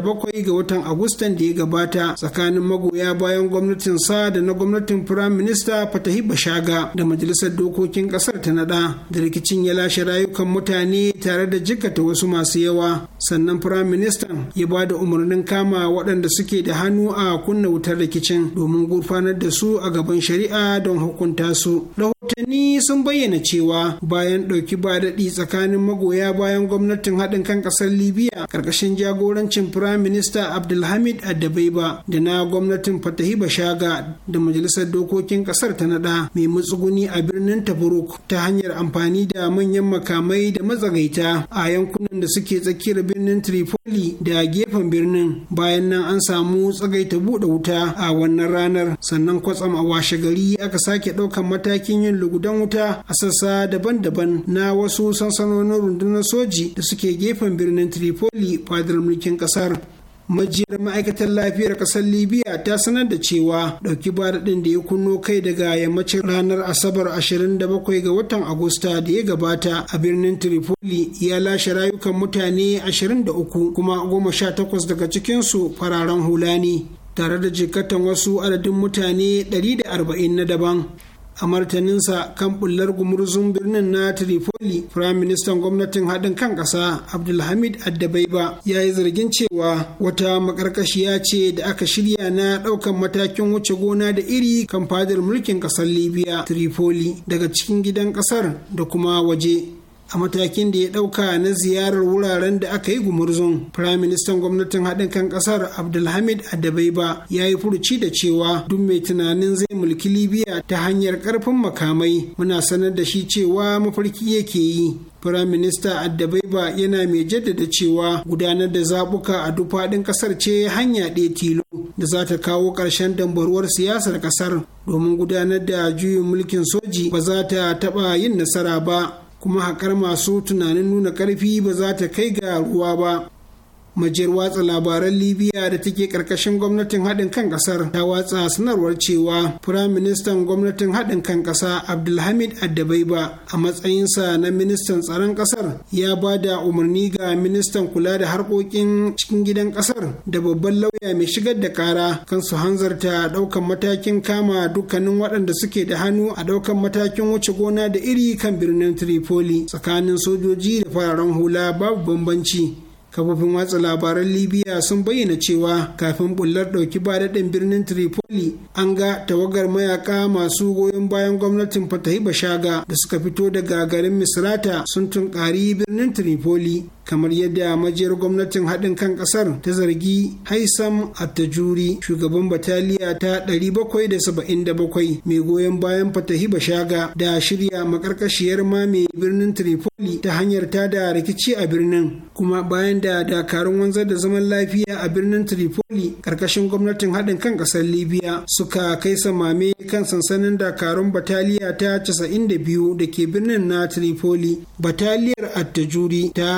ga watan agustan da ya gabata tsakanin magoya bayan gwamnatin sa da na gwamnatin firaminista fatahi bashaga da majalisar dokokin ƙasar ta naɗa da rikicin ya lashe rayukan mutane tare da jikkata wasu masu yawa sannan firaministan ya ba da umarnin kama waɗanda suke da hannu a kunna wutar rikicin domin gurfanar da su a gaban shari'a don hukunta su rahotanni sun bayyana cewa bayan ɗauki ba daɗi tsakanin magoya bayan gwamnatin haɗin kan ƙasar libya ƙarƙashin jagorancin firaminista abdulhamid addabaiba da na gwamnatin fatahi bashaga da majalisar dokokin ƙasar ta naɗa mai matsuguni a birnin tabaruk ta hanyar amfani da manyan makamai da matsagaita a yankunan da suke tsakiyar birnin Tripoli da gefen birnin bayan nan an samu tsagaita buɗe wuta a wannan ranar sannan kwatsam a washe gari aka sake ɗaukan matakin yin lugudan wuta a sassa daban-daban na wasu sansanonin rundunar soji da suke gefen birnin Tripoli fadar mulkin ƙasar. majiyar ma'aikatar lafiyar kasar libya ta sanar da cewa ɗauki baradin da ya kunno kai daga yammacin ranar asabar 27 ga watan agusta da ya gabata a birnin tripoli ya lashe rayukan mutane 23 kuma 18 daga cikinsu fararen hula ne tare da jikatan wasu adadin mutane 140 na daban a martaninsa kan bullar gumurzun birnin na Tripoli, Firaministan gwamnatin haɗin kan ƙasa Abdulhamid Addabaiba ya yi zargin cewa wata makarkashiya ce da aka shirya na ɗaukan matakin wuce gona da iri kan fadar mulkin ƙasar Libya Tripoli daga cikin gidan ƙasar da kuma waje. a matakin da ya ɗauka na ziyarar wuraren da aka yi gumurzun. Firaministan gwamnatin haɗin kan ƙasar Abdulhamid Adabaiba ya yi furuci da cewa duk mai tunanin zai mulki Libya ta hanyar ƙarfin makamai muna sanar da shi cewa mafarki yake yi. Firaminista Addabaiba yana mai jaddada cewa gudanar da zaɓuka a duk faɗin ƙasar ce hanya ɗaya tilo da za ta kawo ƙarshen dambaruwar siyasar ƙasar domin gudanar da juyin mulkin soji ba za ta taɓa yin nasara ba kuma haƙar masu tunanin nuna ƙarfi ba za ta kai ga ruwa ba majiyar watsa labaran libya da take karkashin gwamnatin haɗin kan ƙasar ta watsa sanarwar cewa firaministan gwamnatin haɗin kan ƙasa abdulhamid addabaiba a matsayinsa na ministan tsaron ƙasar ya ba da umarni ga ministan kula da harkokin cikin gidan ƙasar da babban lauya mai shigar da kara kan su hanzarta ɗaukan matakin kama dukkanin waɗanda suke da hannu a ɗaukan matakin wuce gona da iri kan birnin tripoli tsakanin sojoji da fararen hula babu bambanci kafofin watsa labaran libya sun bayyana cewa kafin bullar dauki daɗin birnin tripoli an ga tawagar mayaka masu goyon bayan gwamnatin fatahi bashaga da suka fito daga garin misrata sun tunkari birnin tripoli kamar yadda majiyar gwamnatin haɗin kan ƙasar ta zargi haisam attajuri shugaban bataliya ta 777 mai goyon bayan fatahi bashaga da shirya makarkashiyar mame birnin tripoli ta hanyar ta da rikici a birnin kuma bayan da dakarun wanzar da zaman lafiya a birnin tripoli ƙarƙashin gwamnatin haɗin kan ƙasar libya suka kai samame kan sansanin dakarun bataliya ta 92 da ke birnin na tripoli bataliyar attajuri ta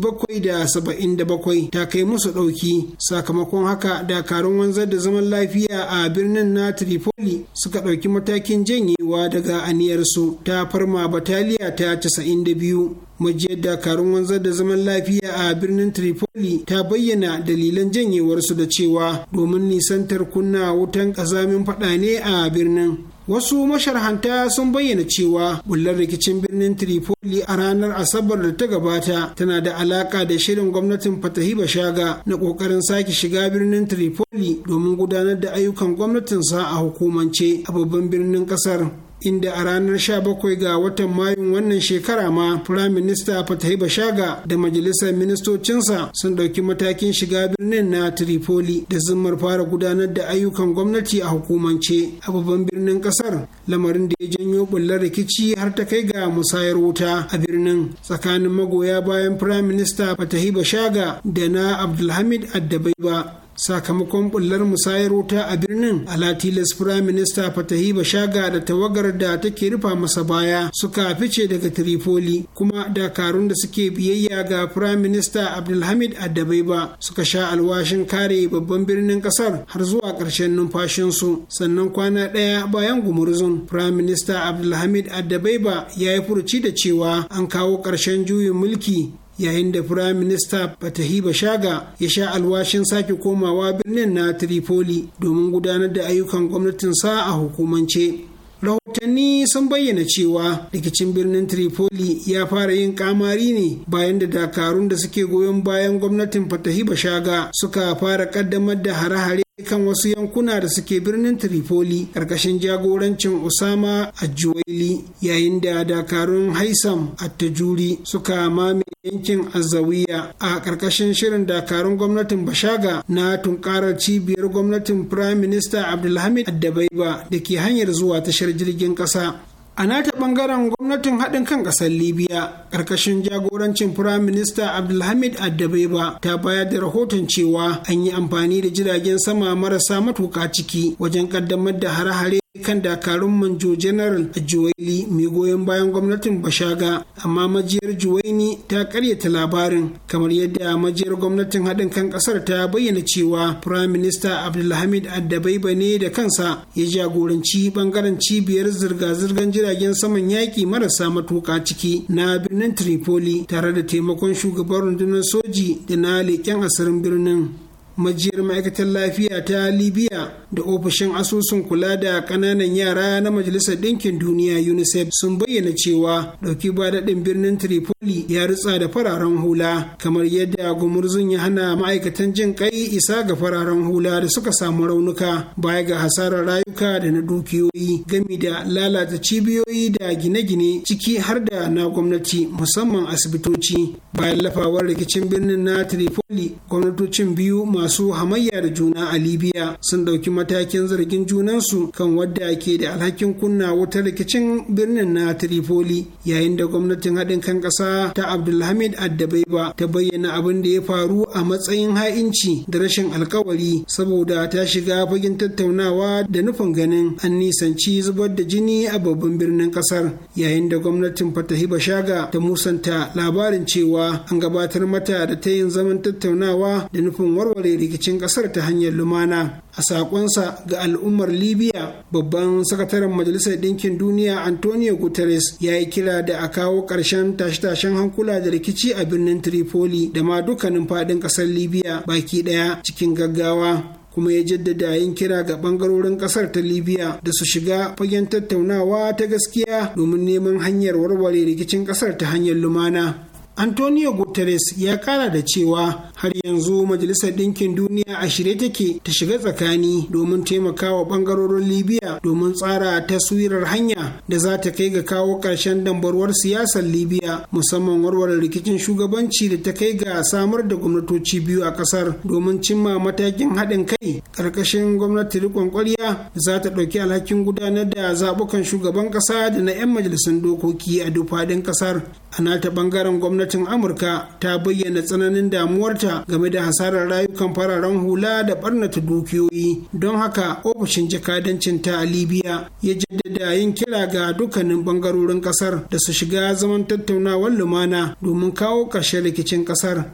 777 ta kai musu ɗauki sakamakon haka dakarun wanzar da zaman lafiya a birnin na tripoli suka ɗauki matakin janyewa daga aniyarsu ta farma bataliya ta 92 majiyar dakarun wanzar da zaman lafiya a birnin tripoli ta bayyana dalilan janyewarsu da cewa domin nisantar kunna wutan ƙazamin faɗa ne a birnin wasu masharhanta sun bayyana cewa bullar rikicin birnin tripoli a ranar asabar da ta gabata tana da alaka da shirin gwamnatin fatahi bashaga na kokarin sake shiga birnin tripoli domin gudanar da ayyukan gwamnatinsa a hukumance a babban birnin kasar inda a ranar 17 ga watan mayun wannan shekara ma Prime Minister Fatahi Bashaga da majalisar ministocinsa sun ɗauki matakin shiga birnin na Tripoli da zimmar fara gudanar da ayyukan gwamnati a hukumance a babban birnin ƙasar lamarin da ya janyo bullar rikici har ta kai ga musayar wuta a birnin tsakanin magoya bayan Prime Minister Fatahi Bashaga da na Abdulhamid Addabaiba sakamakon bullar musayar wuta a birnin alatilas prime minister fatahi bashaga da tawagar da take rufa masa baya suka fice daga tripoli kuma dakarun da suke biyayya ga prime minister abdulhamid addabaiba suka sha alwashin kare babban birnin kasar har zuwa ƙarshen numfashinsu sannan kwana ɗaya bayan gumurzun prime minister abdulhamid addabaiba ya yi furuci da cewa an kawo ƙarshen juyin mulki yayin da firayim minista fatahi bashaga ya sha alwashin sake komawa birnin na tripoli domin gudanar da ayyukan gwamnatin sa a hukumance rahotanni sun bayyana cewa rikicin birnin tripoli ya fara yin kamari ne bayan da dakarun da suke goyon bayan gwamnatin fatahi bashaga suka fara kaddamar da hare-hare kan wasu yankuna da suke birnin Tripoli karkashin jagorancin Osama Ajuwaili yayin da dakarun Haisam a tajuri suka mame yankin Azawiya a karkashin shirin dakarun gwamnatin Bashaga na tunkarar cibiyar gwamnatin Prime Minister Abdulhamid Addabaiba da ke hanyar zuwa tashar jirgin ƙasa. a nata bangaren gwamnatin haɗin kan ƙasar libya ƙarƙashin jagorancin firayim minista abdulhamid addabeba ta bayar da rahoton cewa an yi amfani da jiragen sama marasa matuƙa ciki wajen ƙaddamar da hare-hare kan dakarun manjo general juwaili mai goyon bayan gwamnatin bashaga amma majiyar juwaini ta karyata labarin kamar yadda majiyar gwamnatin haɗin kan ƙasar ta bayyana cewa prime minister abdulhamid addabaiba ne da kansa ya jagoranci bangaren cibiyar zirga-zirgar jiragen saman yaƙi marasa matuƙa ciki na birnin tripoli tare da taimakon shugaban rundunar soji da na leƙen asirin birnin majiyar ma'aikatar lafiya ta libya da ofishin asusun kula da kananan yara na majalisar ɗinkin duniya unicef sun bayyana cewa ɗauki ba daɗin birnin tripoli ya rutsa da fararen hula kamar yadda gumurzun ya hana ma'aikatan jin ƙai isa ga fararen hula da suka samu raunuka baya ga hasarar rayuka da na dukiyoyi gami da lalata cibiyoyi da gine-gine ciki har da na gwamnati musamman asibitoci bayan lafawar rikicin birnin na tripoli gwamnatocin biyu masu hamayya da juna a libya sun ɗauki matakin zargin junansu kan wadda ke da alhakin kunna wutar rikicin birnin na Tripoli yayin da gwamnatin haɗin kan ƙasa ta Abdulhamid Addabaiba ta bayyana abin da ya faru a matsayin ha'inci da rashin alkawari saboda ta shiga fagen tattaunawa da nufin ganin an nisanci zubar da jini a babban birnin ƙasar yayin da gwamnatin Fatahi Bashaga ta musanta labarin cewa an gabatar mata da ta yin zaman tattaunawa da nufin warware rikicin ƙasar ta hanyar lumana a sakonsa ga al'ummar libya babban sakataren majalisar ɗinkin duniya antonio guterres ya yi kira da a kawo ƙarshen tashe-tashen hankula da rikici a birnin tripoli da ma dukkanin faɗin ƙasar libya baki ɗaya cikin gaggawa kuma ya jaddada yin kira ga ɓangarorin ƙasar ta libya da su shiga fagen tattaunawa ta gaskiya domin neman hanyar warware rikicin ƙasar ta hanyar lumana antonio guterres ya kara da cewa har yanzu majalisar ɗinkin duniya a shirye take ta shiga tsakani domin taimakawa ɓangarorin libya domin tsara taswirar hanya da za ta kai ga kawo ƙarshen dambarwar siyasar libya musamman warware rikicin shugabanci da ta kai ga samar da gwamnatoci biyu a ƙasar domin cimma matakin haɗin kai ƙarƙashin gwamnati riƙon ƙwarya za ta ɗauki alhakin gudanar da zaɓukan shugaban ƙasa da na 'yan majalisun dokoki a duk faɗin ƙasar a nata ɓangaren gwamnati gwamnatin amurka ta bayyana tsananin damuwarta game da hasarar rayukan fararen hula da barnata dukiyoyi don haka ofishin jakadancin ta a libya ya jaddada yin kira ga dukkanin bangarorin kasar da su shiga zaman tattaunawar lumana domin kawo ƙarshen rikicin kasar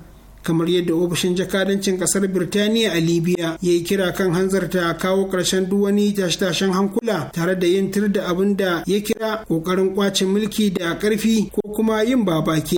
kamar yadda ofishin jakadancin kasar birtaniya a libya ya yi kira kan hanzarta kawo ƙarshen duwani wani tashe-tashen hankula tare da yin tir da abin da ya kira ƙoƙarin ƙwace mulki da ƙarfi ko kuma yin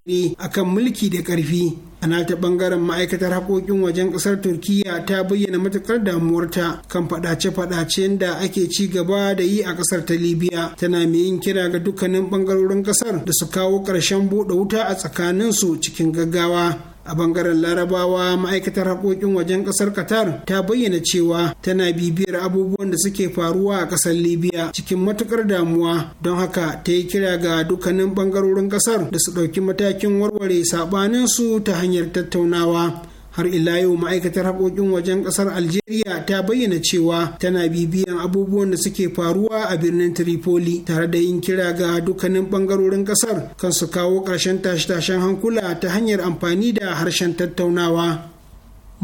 ne akan mulki da ƙarfi a nata bangaren ma'aikatar haƙoƙin wajen ƙasar turkiya ta bayyana matuƙar damuwarta kan faɗace-faɗacen da ake ci gaba da yi a ƙasar ta libya tana mai yin kira ga dukkanin ɓangarorin ƙasar da su kawo ƙarshen buɗe wuta a tsakaninsu cikin gaggawa a bangaren larabawa ma'aikatar haƙoƙin wajen ƙasar qatar ta bayyana cewa tana bibiyar abubuwan da suke faruwa a ƙasar libya cikin matukar damuwa don haka ta yi kira ga dukkanin bangarorin ƙasar da su ɗauki matakin warware saɓaninsu ta hanyar tattaunawa har ila yau ma'aikatar haƙoƙin wajen ƙasar algeria ta bayyana cewa tana bibiyan abubuwan da suke faruwa a birnin tripoli tare da yin kira ga dukkanin bangarorin ƙasar kan su kawo ƙarshen tashe-tashen hankula ta hanyar amfani da harshen tattaunawa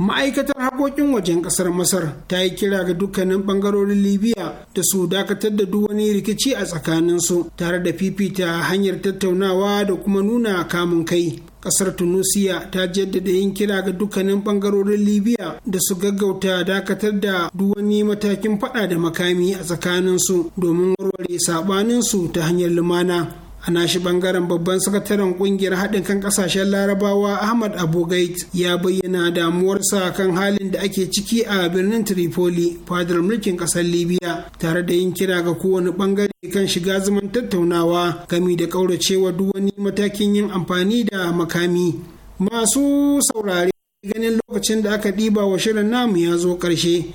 ma'aikatar haƙoƙin wajen ƙasar masar ta yi kira ga dukkanin ɓangarorin libya da su dakatar da duk wani rikici a tsakaninsu tare da fifita hanyar tattaunawa da kuma nuna kamun kai kasar tunisia ta jaddada yin kira ga dukkanin bangarorin libya da su gaggauta dakatar da duwani matakin fada da makami a tsakanin su domin warware saɓaninsu ta hanyar lumana a nashi bangaren babban sakataren kungiyar haɗin kan ƙasashen larabawa ahmad abu gait ya bayyana damuwarsa kan halin da ake ciki a birnin tripoli fadar mulkin ƙasar libya tare da yin kira ga kowane bangare kan shiga zaman tattaunawa gami da ƙauracewa duk wani matakin yin amfani da makami masu saurare ganin lokacin da aka ɗiba wa shirin namu ya zo ƙarshe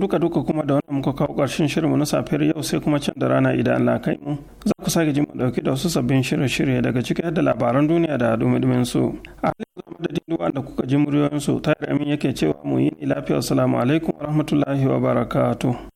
duka duka kuma da wannan muka kawo ƙarshen shirinmu na safiyar yau sai kuma can da rana idan Allah kai mu za ku sake ji mu dauki da wasu sabbin shirye-shirye daga ciki da labaran duniya da dumi-dumin su a halin da din duwa da kuka ji muryoyin su tare min yake cewa mu yi lafiya salamu alaikum wa wa barakatuh